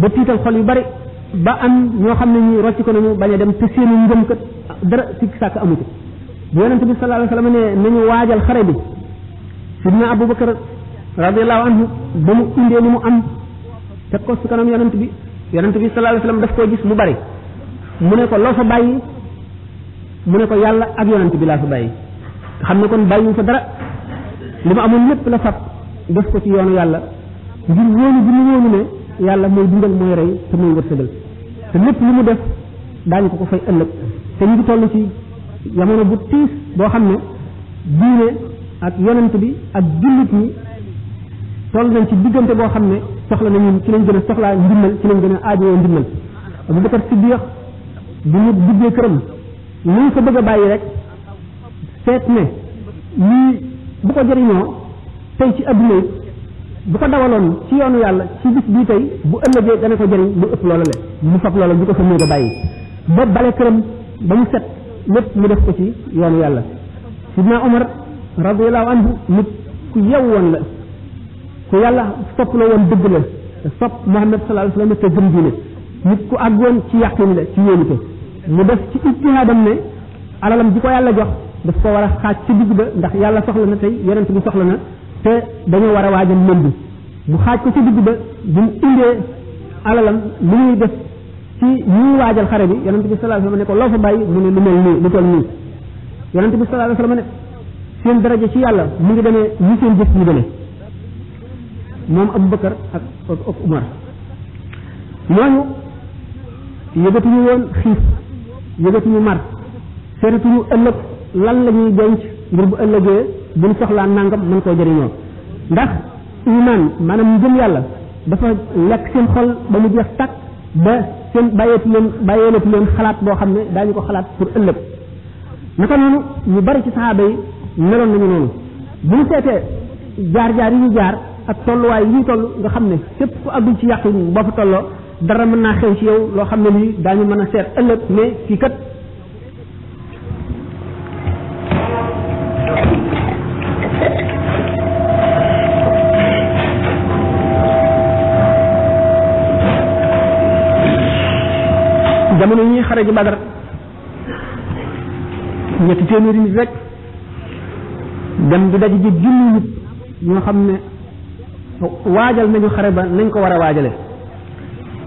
ba tiital xol yu bari ba am ñoo xam ne ñuy rocc ko nañu bañ a dem te seen ngëm kat dara ci sàkk amu ci bu yonente bi sallallahu alayhi wasallam ne nañu waajal xare bi sidna abubakar radiyallahu anhu ba mu indee ni mu am teg ko su kanam yonente bi yonente bi sallallahu alayhi wasallam daf koo gis mu bari mu ne ko loo fa bàyyi mu ne ko yàlla ak yonente bi laa fa bàyyi xam ne kon bàyyi fa dara li ma amoon lépp la fab def ko ci yoonu yàlla ngir wóolu bi ñu wóolu ne yàlla mooy dundal mooy rey te mooy wërsëgal te lépp lu mu def daañu ko ko fay ëllëg te ñu ngi toll ci bu boo xam ne ak yonent bi ak jullit ñi toll ci diggante boo xam ne la nañu ci lañ gën a laa ndimbal ci lañ gën a aajowoo ndimbal Abu Bakar Siddiq bi mu duggee këram lu ñu ko bëgg a bàyyi rek seet ne lii bu ko jëriñoo tey ci adduna bu ko dawaloon ci yoonu yàlla ci bis bii tey bu ëllëgee dana ko jëriñ bu ëpp loola le mu fab loola bu ko sa néega bàyyi ba bale këram ba mu set lépp mu def ko ci yoonu yàlla sidna omar radiallahu anhu nit ku yew la ku yàlla sopp la woon dëgg la sopp muhammad sallallahu alayhi wa sallam te gëm diine nit ku àggoon ci yàqin la ci yóolute yàlla jox daf ko war a ndax yàlla soxla na tey yonent bi soxla te dañoo war a waajal lënd mu xaaj ko ci digg ba bu mu indee alalam lu muy def ci ñuy waajal xare bi yonent bi sallallahu alayhi wasallam a ko loo fa bàyyi mu ne lu mel nii seen daraja ci yàlla mu ngi demee ñu seen jëf ñu demee moom Abu ak ak Umar ñooñu yëgatuñu woon xiif yëgatuñu mar seetatuñu ëllëg lan la ñuy denc ngir bu ëllëgee buñ soxla nangam mën ko jëriño ndax iman manam jëm yalla dafa lek seen xol ba mu jeex tak ba seen bàyyeeti leen bàyyeelati leen xalaat bo xamne ne ko xalaat pour ëllëg naka noonu ñu bari ci sahaba yi meloon nañu noonu bu ñu seetee jaar jaar yi ñu jaar ak tollu way yi tollu nga xamne cëpp ko addu àggul ci yàqu boo fa tollo dara mëna xew ci yow lo xamne ne dañu mëna sét a mais ci kat jamono ñuy xare ji badar ñetti téeméeri nit rek dem di daje ji junni nit ñoo xam ne waajal nañu xare ba nañ ko war a waajale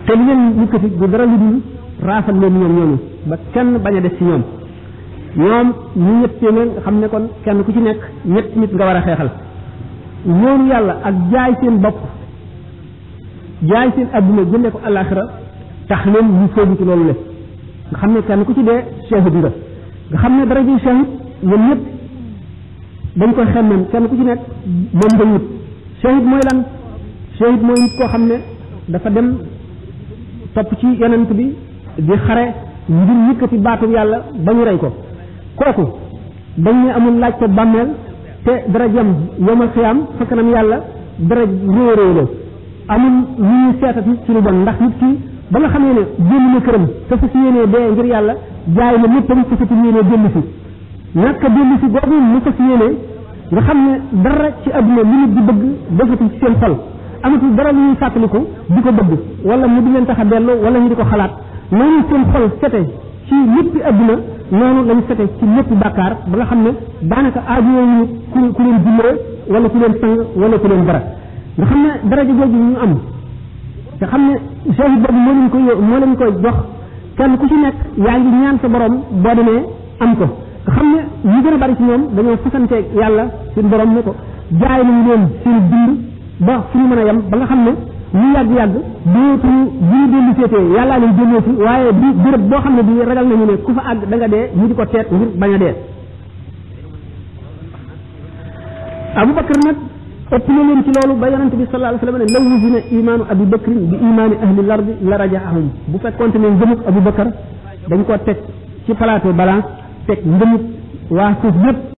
te li leen yëkkati du dara lu dul raafal leen ñoom ñooñu ba kenn bañ a des ci ñoom ñoom ñu ñett téeméer nga xam ne kon kenn ku ci nekk ñett nit nga war a xeexal yoonu yàlla ak jaay seen bopp jaay seen adduna jënde ko alaxira tax leen ci loolu lépp nga xam ne kenn ku ci dee shahid la nga xam ne dara ji shahid ñoom ñëpp dañ koy xemmem kenn ku ci nekk moom nga wut shahid mooy lan shahid mooy nit koo xam ne dafa dem topp ci yonent bi di xare ngir yëkkati baatu yàlla ba ñu rey ko kooku dañ ne amul laaj ko bàmmeel te dara jëm yomal xiyaam fa kanam yàlla dara réeréer amul lu ñuy seetati ci lu bon ndax nit ki ba nga xamee ne génn na këram te fas yéenee dee ngir yàlla jaay na léppam fasatu yéenee dellu si ñàkk a mu fas yéenee nga xam ne dara ci adduna li nit di bëgg defatul ci amatul dara lu ñuy fàttaliku di ko bëgg wala mu di leen tax a dellu wala di ko xalaat noonu seen xol sete ci adduna noonu lañ sete ci lépp bàkkaar ba xam ne daanaka aajowuñu ku ku leen dimbale wala ku leen sang wala ku leen dara nga xam ne daraja jooju ñu am te xam ne sooxi boobu moo leen koy moo leen koy jox kenn ku ci nekk yaa ngi ñaan sa borom boo demee am ko nga xam ne ñu gën a bari ci ñoom dañoo fasanteeg yàlla suñu borom ne ko jaay nañ leen seen dund ba fu ñu mën a yem ba nga xam ne ñu yàgg-yàgg dootuñu bu ñu dellu seetee yàllaa leen génnee fi waaye bi béréb boo xam ne bii ragal nañu ne ku fa àgg da dee ñu di ko teet ngir bañ a dee Abubakar nag ëpp na leen ci loolu ba yonente bi sallallahu alayhi wasallam ne law wuzina imaanu abi bakrin bi imaani ahli lardi la rajaahum bu fekkonte ne ngëmub abou bakar dañ ko teg ci plateau balance teg ngëmub waa